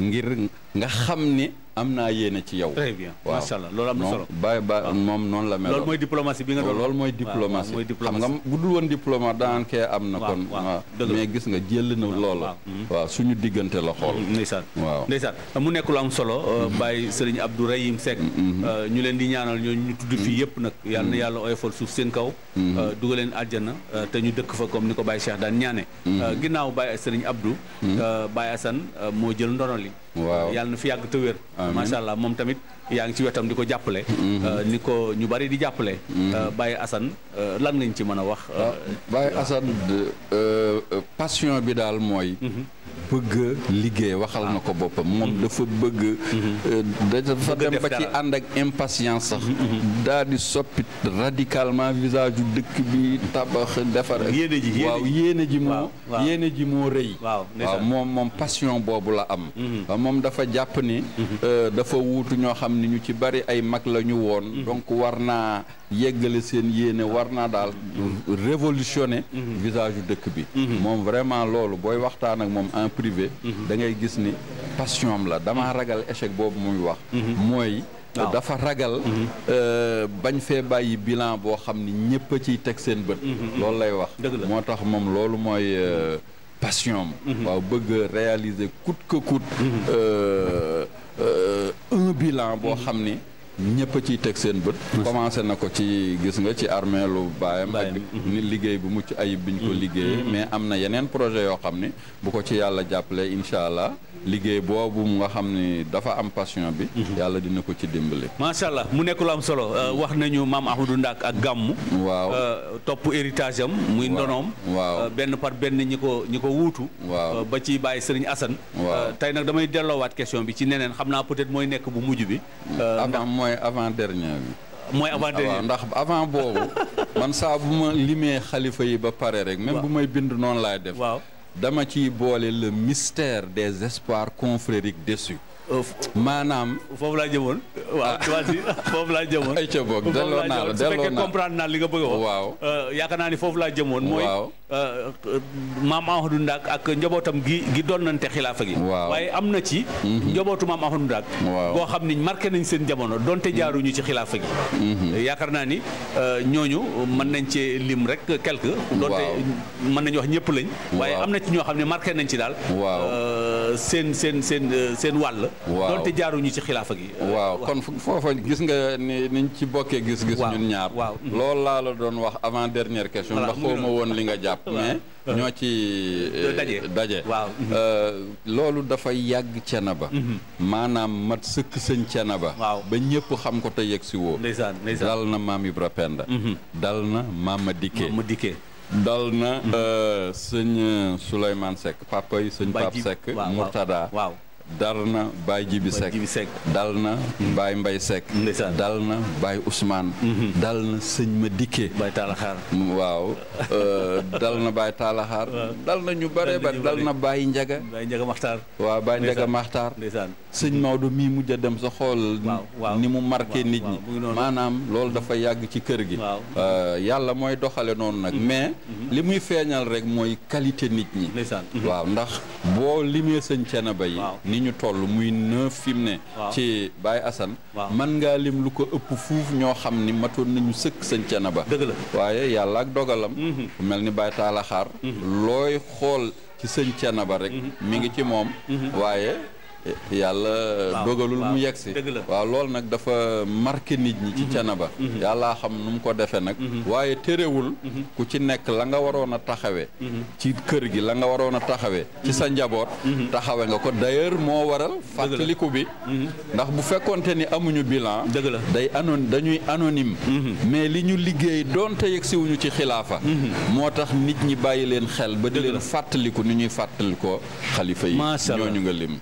Speaker 3: ngir nga xam ni am naa yéene ci yow. très bien macha allah loolu am na solo waaw ba moom noonu la melo loolu mooy diplomatie bi nga doon loolu mooy diplomatie xam nga bu dul woon
Speaker 2: diplomate daan kee am na. kon mais gis nga jël na loolu. Mhm. waaw suñu diggante la xool. Mhm, ndeysaan waaw ndeysaan mu nekk lu am solo. Euh, mhm. Baye Serigne Abdou Rahim Seck. Euh, ñu leen di ñaanal ñoo ñu tudd fii yëpp nag. yal na yàlla oyofal suuf seen kaw. Euh, dugal leen àjjana te ñu dëkk fa comme ni ko bàyyi seex daan ñaane. ginnaaw Baye Serigne Abdou. Baye Assane moo jël ndono li waaw yàlla na fi yàgg te wér macha allah moom tamit yaa ngi ci wetam di ko jàppale mm-hmm. euh, ni ko ñu bari di jàppale mm-hmm. euh, Baye Assane euh, lan lañ ci mën a wax ah, Baye Assane passion bi daal mooy mm-hmm. bëgg liggéey
Speaker 3: waxal na ko boppam ah. moom dafa bëgg mm-hmm. euh, dafa dem ba ci ànd ak impatience sax mm-hmm. daal di soppit radicalement visage yu dëkk bi tabax defar waaw yéene ji moo yéene ji moo rëy waaw moom moom passion boobu la am mm-hmm. moom dafa jàpp ni euh, dafa wuutu ñoo xam ne ñu ci bari ay mag la ñu woon donc war naa yeggale seen yéene war naa daal révolutionner mhm. mhm. visage dëkk bi mhm. moom vraiment loolu booy waxtaan ak moom en privé da ngay gis ni passion am la dama ragal échec boobu muy wax mooy dafa ragal euh, bañ fee bàyyi bilan boo xam ni ñëpp a ciy teg seen bët loolu lay wax moo tax moom loolu mooy euh, passion am waaw bëgg réaliser coûte que coûte euh, un bilan boo xam ni ñëpp a ciy teg seen bët. commencé na ko ci gis nga ci armée lu baayam ak liggéey bu mucc ayib biñ ko mm-hmm. liggéeyee mm-hmm. mais am na yeneen projet yoo xam ni bu ko ci yàlla jàppale incha allah. liggéey boobu nga xam ni dafa am passion bi. Mhm. yàlla dina ko ci dimbali.
Speaker 2: macha allah mu nekk am solo euh, mhm. wax nañu maam Ahmadou Ndak ak gàmmu. waaw euh, topp héritage am. muy ndonoom. waaw euh, benn par benn ñi ko ñi ko wuutu. waaw ba ci bàyyi Serigne Assane. waaw tey nag damay delloowaat question bi ci neneen xam naa peut-être mooy nekk bu mujj bi. am mooy avant dernier bi. mooy avant dernier ndax avant boobu <laughs> man saa bu ma limee xalifa yi ba
Speaker 3: pare rek. même bu may bind noonu laay def. dama ciy boole le mystère des espoirs confrériques déçus maanaam. foofu laa jëmoon.
Speaker 2: waaw tuuti ah. foofu laa jëmoon. <laughs> ay ca boog delloo naa la delloo naa la su fekkee comprendre naa li nga bëgg a wax. waaw euh, yaakaar naa ni foofu laa jëmoon. mooy euh, maam Ahmadou Ndak ak njabootam gi gi doon nañ te xilaafa gi. waaw waaye am na ci. Mhm. njabootu maam Ahmadou Ndak. waaw boo xam ni marqué nañ seen jamono donte mhm. jaaruñu ci xilaafa gi. Mhm. yaakaar naa ni euh, ñooñu mën nañ cee lim rek quelque. waaw donte mën nañu wax ñëpp lañ. waaye am na ci ñoo xam ne marqué nañ ci daal. waaw seen seen seen euh, seen wàll. waaw donte jaaruñu ci xilaafa gi. waaw kon foofa gis nga
Speaker 3: ni niñ ci bokkee gis-gis. ñun ñaar waaw loolu laa la doon wax avant dernière question. ndax xaw ma woon li nga jàpp mais. ñoo ci euh, daje daje. waaw euh, loolu dafa yàgg ba mhm. maanaam mat sëkk sëñ Thiénaba. waaw ba ñëpp xam ko te yegg si woo. dal na maam Ibra Penda. Mhm. dal na euh, sëñ Souleymane Seck papa yi sëñ Pape Seck Murtada waaw dal na baay Jibi Seck dal na Baye Mbay Seck dal na Baye Ousmane mhm. dal na sëñ ma dikke Baye Taalaxaar mm, waaw <laughs> euh, dal na Baye Taalaxaar dal na ñu bare ba dal na Baye Njaga Baye Njaga Maxtaar waaw Baye Njaga Maxtaar sëñ Maodo mii mujj a dem sa xool ni mu marqué nit ñi maanaam loolu dafa yàgg ci kër gi euh, yàlla mooy doxale noonu nag mhm. mais mhm. li muy feeñal rek mooy qualité nit ñi waaw ndax boo limee sëñ Ceenaba yi yi ñu toll muy neuf fi mu ne ci man ngaa lim lu ko ëpp fuuf ñoo xam ni matoon nañu sëkk sëñ Thiénaba dëgg la waaye yàlla ak mhm. mel ni Baye Taala Xaar mhm. looy xool ci sëñ ba rek mhm. mi ngi ci moom waaye yàlla dogalul mu yegg si waaw loolu nag dafa marqué nit ñi ci mhm. canaba mhm. yàllaa xam nu mu ko defee nag mhm. waaye téréwul ku ci nekk la nga waroon a taxawee ci kër gi la nga waroon a taxawee ci sa njaboot taxawe nga ko d'ailleurs moo waral fàttaliku bi ndax bu fekkonte ni amuñu bilan dëgg day anon dañuy anonyme mais li ñu liggéey donte yegg siwuñu ci xilaafa moo tax
Speaker 2: nit ñi bàyyi leen xel ba di leen fàttaliku ni ñuy fàttalikoo xalifa yi ñooñu nga lim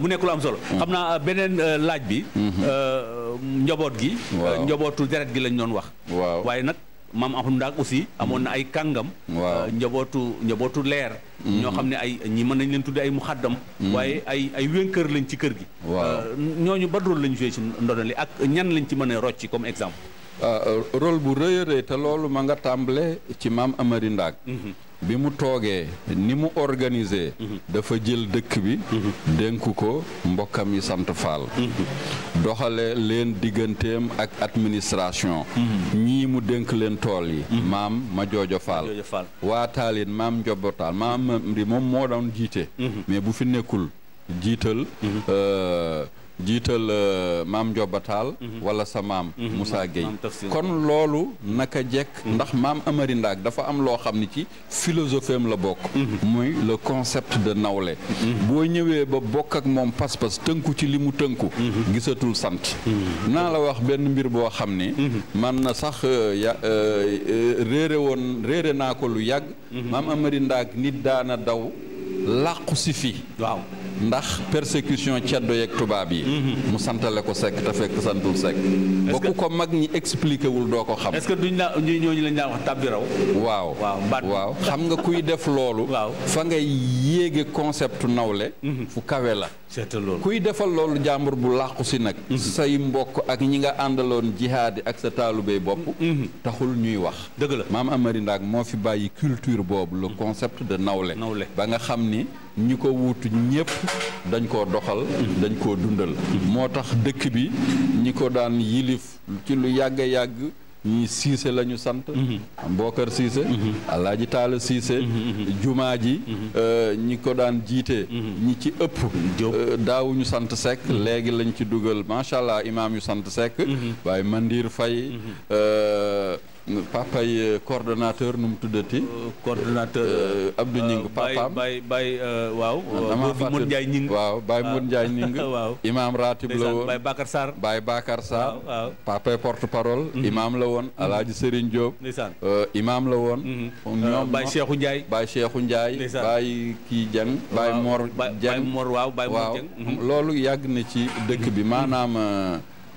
Speaker 2: mu nekk lu am solo. Mm. xam naa euh, beneen euh, laaj bi. Mm-hmm. Euh, njaboot gi. njabootu deret gi lañ doon wax. waaw waaye nag maam Ahmadou Ndack aussi amoon na ay kàngam. waaw njabootu njabootu leer. Mm-hmm. ñoo xam ne ay ñii mën nañ leen tudde ay xaddam mm-hmm. waaye ay ay wénkër lañ ci kër gi. waaw ñooñu ba rôle lañ joué ci ndono li ak ñan lañ ci mën a rocci
Speaker 3: comme exemple. rôle bu rëy a rëy te loolu ma nga tàmbale ci maam Amari Ndack. bi mu toogee ni mu organisé. dafa jël dëkk bi. dénk ko mbokkam yi sant Fall. doxale leen digganteem ak administration. ñii mu dénk leen tool yi. maam ma joojo Fall. waa taalin maam njobotaal maam di moom moo doon jiite. Mhm. mais bu fi nekkul jiital. Mhm. Euh, jiital euh, maam Ndioba Tall mhm. wala sa maam mhm. Moussa Gueye kon loolu naka jekk mhm. ndax maam Amari Ndaak dafa am loo xam ni ci philosophie la bokk muy le concept de nawle boo ñëwee ba bokk ak moom pas-pas tënku ci li mu tënku gisatul sant naa la wax benn mbir boo xam ni man na sax euh, ya euh, réere woon réere naa ko lu yàgg maam Amari Ndaak nit daana daw làqu si fii ndax persécution ceddo yeeg tubaab yi. Mhm. mu santale ko sekk te fekk santul sekk. est ku ko mag ñi expliqué wul doo ko xam. est-ce que duñ la ñooñu lañ daan wax tàbbi raw. waaw waaw xam nga kuy def loolu. fa ngay yéege concept nawle. Mhm. fu kawe la. seetal loolu kuy defal loolu jàmbur bu làqu si nag mhm. say mbokk ak ñi nga àndaloon jihaadi ak sa taalubéy bopp mhm. taxul ñuy wax dëgg la maam Amari Ndaak moo fi bàyyi culture boobu le mhm. concept de nawle nawle ba nga xam ni ñi ko wuutu ñëpp dañ koo doxal dañ koo dundal moo tax dëkk bi ñi ko daan yilif ci lu yàgg a yàgg ñii Cissé la ñu sant. Mm-hmm. Mbokar Cissé. Mm-hmm. Alaaji Taala Cissé. Mm-hmm. jumaa ji. Euh, ñi ko daan jiite. ñi ci ëpp. Euh, daawuñu sant Seck léegi lañ ci dugal macha allah imaam yu sant Seck. waaye Mandir Faye. Euh, papay euh, coordonnateur nu mu tuddati. Euh, coordonnateur euh, Abdou Nying
Speaker 2: papaam Baye Baye waaw. damaa fàttali Ndiaye Nying waaw Baye Mour Ndiaye ah, Nying. <laughs> waaw
Speaker 3: imaam ratib la woon Baye
Speaker 2: Bakar Sarr. Baye Bakar Sarr. Mhm.
Speaker 3: la woon El mhm. Hadj Serigne Diop. imaam mhm. kii Dieng. Baye Mor loolu yàgg na ci dëkk bi maanaam.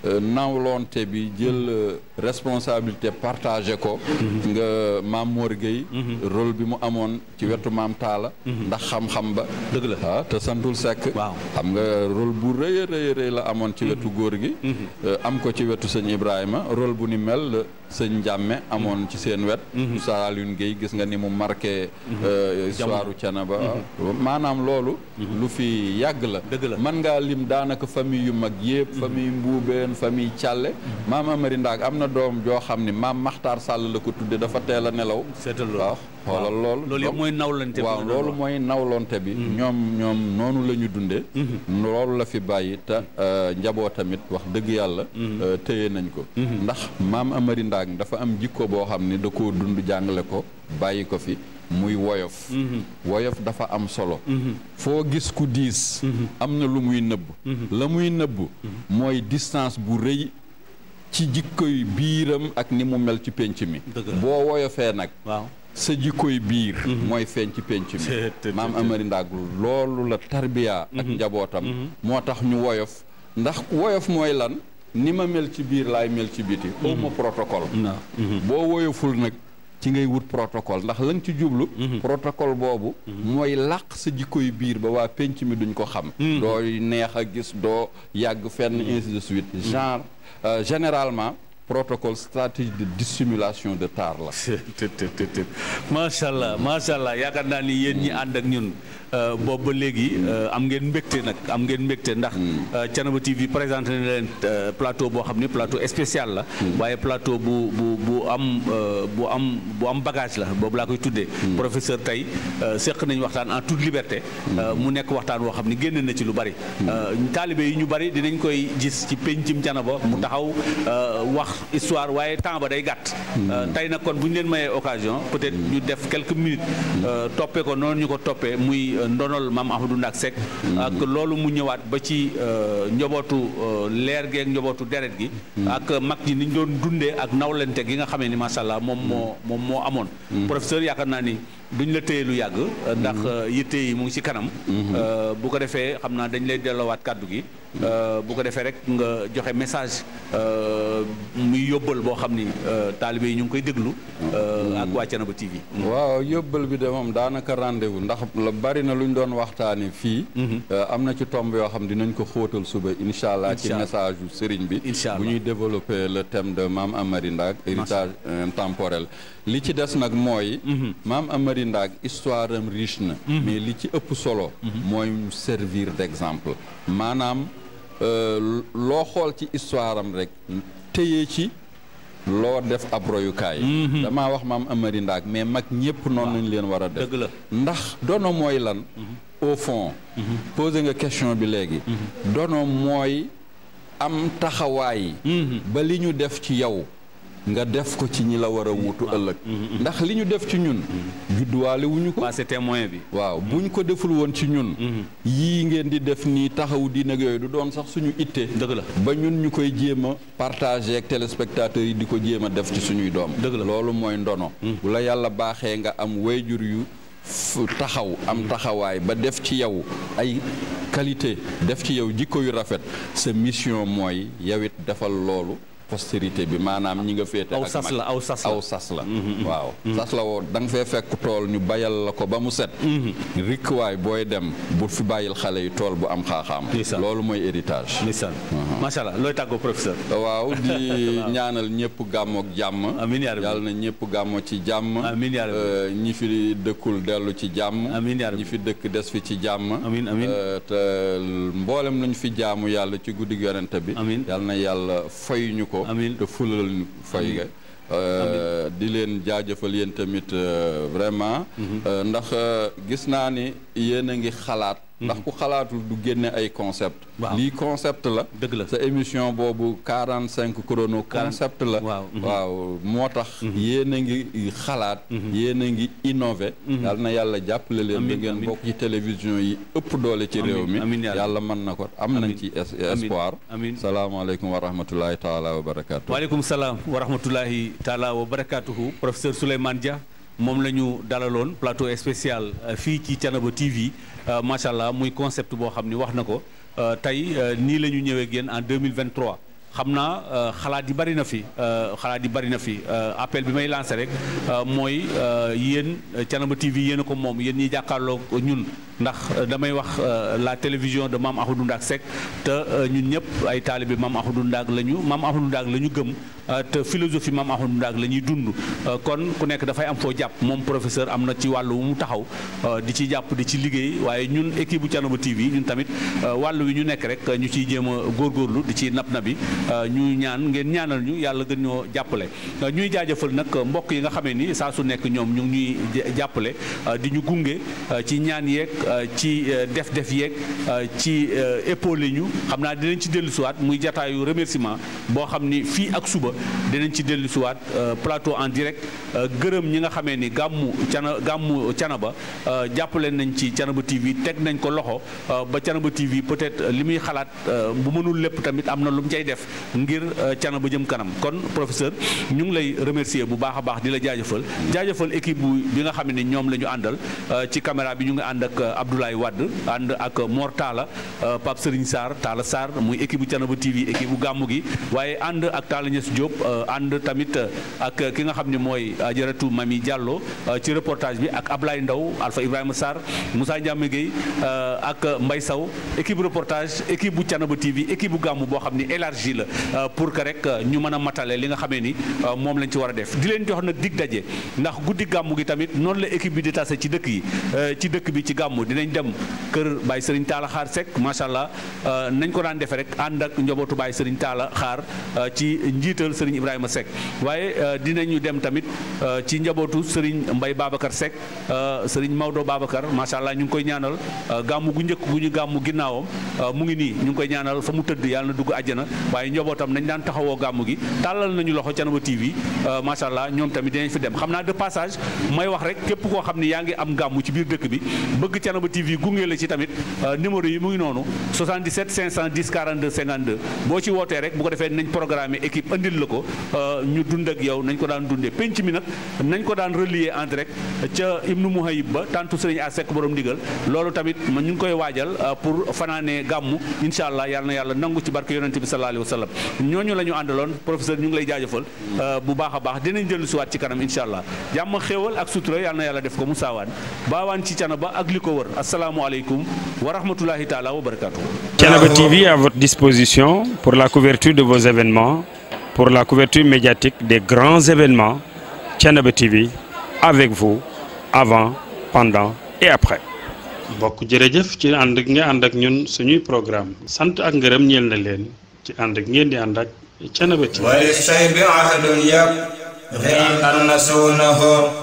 Speaker 3: Euh, nawlonte bi jël euh, responsabilité partagé ko mhm. nga maam Mor Gueye mhm. rôle bi mu amoon ci wetu maam Talla mhm. ndax xam-xam ba dëgg la ah te santul sekk waaw xam nga rôle bu rëy a rëy la amoon ci wetu góor gi euh, am ko ci wetu sëñ Ibrahima rôle bu ni mel sëñ Njàmme amoon ci seen wet Oustaz Alioune gis nga ni mu marqué histoire u ba maanaam loolu lu fi yàgg la dëgg la mën ngaa lim daanaka famille yu mag yëpp famille Mbuubeen seen famille Thialé mhm. maam Amari Ndaag am na doom joo xam ni maam Maxtaar Sall la ko tudde dafa teel a nelaw waaw xoolal
Speaker 2: loolu loolu mooy nawlante bi
Speaker 3: mooy nawlonte bi mhm. ñoom ñoom noonu la ñu dundee mhm. loolu la fi bàyyi te euh, njaboo tamit wax dëgg yàlla euh, téye nañ ko ndax maam Amari Ndaag dafa am jikko boo xam ni da koo dund jàngale ko bàyyi ko fi muy woyof mhm. woyof dafa am solo mhm. foo gis ku diis mhm. am na lu muy nëbb la muy nëbb mooy distance bu rëy ci jikkoy biiram ak ni mu mel ci pénc mi boo woyofee nag waaw sa jikkoy biir mooy feeñ ci pénc mi maam Amari Ndagul loolu la tarbiya ak njabootam moo tax ñu woyof ndax woyof mooy lan ni ma mel ci biir laay mel ci biti awma protocole boo woyoful nag ci ngay wut protocole ndax la ci jublu mhm. protocole boobu mhm. mooy làq sa jikkoy biir ba waa penc mi duñ ko xam mhm. doo neex a gis doo yàgg fenn ainsi de suite genre euh, généralement
Speaker 2: protocole stratégie de dissimulation de taar la <laughs> macha allah macha allah yaakaar naa ni yéen ñi ànd ak ñun Euh, boobu ba léegi euh, am ngeen mbégte nag am ngeen mbégte ndax hmm. euh, Thiénaba TV présenté na leen plateau boo xam ne plateau spécial la hmm. waaye plateau bu bu bu am bu am bu am bagage la boobu laa koy tuddee hmm. professeur tey seq nañu waxtaan en toute liberté mu nekk waxtaan woo xam ne génn na ci lu bari taalibe yi ñu bari dinañ koy gis ci pencim Thiénaba mu taxaw wax histoire waaye temps ba day gàtt tey nag kon bu ñu leen mayee occasion peut-être ñu def quelques minutes toppee ko noonu ñu ko toppee muy ndonol maam Ahmadou Ndak Seck mm. ak loolu mu ñëwaat ba ci euh, njobootu euh, leer geeg njobootu deret gi mm. ak mag ñi ni doon dundee ak nawlente gi nga xamee ni macha allah moom moo mm. moom moo amoon professeur yaakaar naa ni duñ la téye lu yàgg. ndax mm-hmm. euh, yitte yi mu ngi ci kanam. Mm-hmm. Euh, bu ko defee xam naa dañ lay delloowaat kàddu gi. Mm-hmm. Euh, bu ko defee rek nga joxe message muy yóbbal boo xam ni taalibe yi ñu ngi koy déglu. ak waa Thiénaba TV.
Speaker 3: waaw yóbbal bi de moom daanaka rendez-vous ndax bari na lu ñu doon waxtaanee fii. am na ci tomb yoo xam dinañ ko xóotal suba incha allah. ci message yu seriñ bi. bu ñuy développer le thème de maam Amary Ndak. héritage intemporel li ci des nag mooy. maam Amary Sëriñ Ndaak histoire am riche na mhm. mais li ci ëpp solo mhm. mooy mu servir d'exemple maanaam euh, loo xool ci histoire am rek téye ci loo def ab royukaay mhm. damaa wax maam Amari Ndaak mais mag ñëpp noonu lañ leen war a def ndax dono mooy lan au fond posé nga question bi léegi dono mooy am taxawaay ba li ñu def ci yow nga def ko ci ñi la war a wutu ëllëg ndax li ñu def ci ñun judduwaale wu ñu ko passé témoin bi waaw buñ ko deful woon ci ñun mm-hmm. yii ngeen di def nii taxawu diine yooyu du doon sax suñu ittee dëgg la ba ñun ñu koy jéem a partagé ak téléspectateurs yi di ko jéem a def ci suñuy doom dëgg la loolu mooy ndono mm. bu la yàlla baaxee nga am wayjur yu taxaw am mm. taxawaay ba def ci yow ay qualité def ci yow jikko yu rafet sa mission mooy yawit defal loolu postérité bi maanaam ñi nga féete aw sas la aw sas la aw sas mm-hmm, mm-hmm. waaw mm-hmm. sas la woo da nga fee fekk tool ñu bayal la ko ba mu set rikkuwaay booy dem bu fi bàyyil xale yi tool bu am xaaxaam loolu mooy héritage ndeysaan macha allah looy tàggoo professeur waaw di <laughs> ñaanal ñëpp gàmmook jàmm amiin na ñëpp gàmmo ci jàmm amiin euh, ñi fi dëkkul dellu ci jàmm amiin ñi fi dëkk des fi ci jàmm amiin amiin euh, te mboolem lu fi jaamu yàlla ci guddi yonente bi yàlla na yàlla fay ko ko te fulal ñu euh, di leen jaajëfal yéen tamit euh, vraiment mm-hmm. euh, ndax gis naa ni yéen a ngi xalaat ndax ku xalaatul du génne ay concept waaw lii concept la dëgg sa émission boobu quarante cinq chrono concept la waaw waaw moo tax mhm. yéen a ngi xalaat mhm. yéen a ngi innové mhm. yal na yàlla jàppale leen da ngeen bokk ci télévision yi ëpp doole ci réew mi yàlla man na ko am nañ ci espoir amin salaamaaleykum wa rahmatulahi taala wa barakatuhu
Speaker 2: waaleykum wa rahmatulahi taala wa moom la ñu dalaloon plateau spécial euh, fii ci Thiénaba TV euh, macha allah muy concept boo xam ni wax na ko euh, tey nii la ñu ñëwee ak yéen en 2023 xam naa euh, xalaat yi bari na fi euh, xalaat yi bari na fi euh, appel bi may lancé rek mooy yéen Thiénaba TV yéen a ko moom yéen ñi jàkkaarloo ñun ndax damay wax la télévision de Mame Ahmadou Ndak Seck te ñun ñëpp ay taalibe Mame Ahmadou Ndak la ñu Mame Ahmadou Ndak la ñu gëm te philosophie Mame Ahmadou Ndak la ñuy dund kon ku nekk dafay am foo jàpp moom professeur am na ci wàllu wu mu taxaw di ci jàpp di ci liggéey waaye ñun équipe bu Thiénaba TV ñun tamit wàll wi ñu nekk rek ñu ciy jéem a góorgóorlu di ci nap na bi Euh, ñu ñaan ngeen ñaanal ñu yàlla gën ñoo jàppale euh, ñuy jaajëfal nag mbokk yi nga xamee ni saa su nekk ñoom ñu ngi jàppale euh, di ñu gunge ci ñaan yeeg ci def-def yeeg ci épaule ñu xam naa dinañ ci dellusiwaat muy jataayu remerciement boo xam ni fii ak suba dinañ ci dellusiwaat plateau en direct gërëm ñi nga xamee ni gàmmu cana ba canaba jàppale nañ ci canaba TV teg nañ ko loxo ba canaba TV peut-être li muy xalaat bu mënul lépp tamit am na lu mu cay def ngir Thiénaba euh, jëm kanam kon professeur ñu ngi lay remercier bu baax a baax di la jaajëfal jaajëfal équipe bu bi nga xam ni ñoom la ñu àndal euh, ci caméra bi ñu ngi ànd ak euh, Abdoulaye wàdd ànd ak Mor Talla Pape Serigne Sarr Talla Sarr muy équipe bu Thiénaba TV équipe bu gàmmu gi waaye ànd ak Talla Niass Diop ànd tamit ak ki nga xam ne mooy Ajaratu Mami Diallo ci reportage bi ak Ablaye Ndaw Alpha Ibrahima Sarr Moussa Ndiame Gueye ak Mbaye Sow équipe reportage équipe bu Thiénaba TV équipe bu gàmmu boo xam ne élargie la Euh, pour que rek euh, ñu mën a matale li nga xamee ni euh, moom lañ ci war a def di leen jox nag dig daje ndax guddi gàmmu gi tamit noonu la équipe bi di détaché ci dëkk yi ci dëkk bi ci gàmmu dinañ dem kër Baye sëriñ taala Xaar Seck macha allah nañ ko daan defee rek ànd ak njobootu Baye Serigne Talla Xaar ci njiital Serigne Ibrahima Seck waaye dinañu dem tamit ci njabootu Serigne Mbaye Babacar Seck Serigne Maodo Babacar macha allah ñu ngi koy ñaanal gàmmu gu njëkk gu ñu gàmmu ginnaawam mu ngi nii ñu ngi koy ñaanal fa mu tëdd yàlla na dugg àjjana waaye njobootam nañ daan taxawoo gàmmu gi tàllal nañu loxo Thiénaba TV euh, macha allah ñoom tamit dinañ fi dem xam naa de passage may wax rek képp koo xam ni yaa ngi am gàmmu ci biir dëkk bi bëgg Thiénaba TV gunge la ci tamit euh, numéro yi mu ngi noonu 77 510 42 52 boo ci wootee rek bu ko defee nañ programme équipe andil la ko euh, ñu dund yow nañ ko daan dundee penc mi nag nañ ko daan relier en direct ca Ibnu Muhayib ba tantu sëriñ Asek borom ndigal loolu tamit ñu ngi koy waajal pour fanaanee gàmmu incha allah sallam ñooñu la ñu àndaloon professeur ñu ngi lay jaajëfal euh, bu baax a baax dinañ jël suwaat ci kanam incha allah jàmm xéewal ak sutura yàlla na yàlla def ko mu saawaan baawaan ci canaba ak li ko wër asalaamualeykum wa rahmatulahi taala wa barakaatu. Thiénaba
Speaker 3: TV à votre disposition pour la couverture de vos événements pour la couverture médiatique des grands événements Thiénaba TV avec vous avant pendant et après. mbokk jërëjëf ci ànd ak nga ànd ak ñun suñuy programme sant ak ngërëm ñeel na leen. ci ànd ak ngeen di ànd ak Thiénaba TV wali say bi ahadun yàpp
Speaker 1: ri an annasuunahu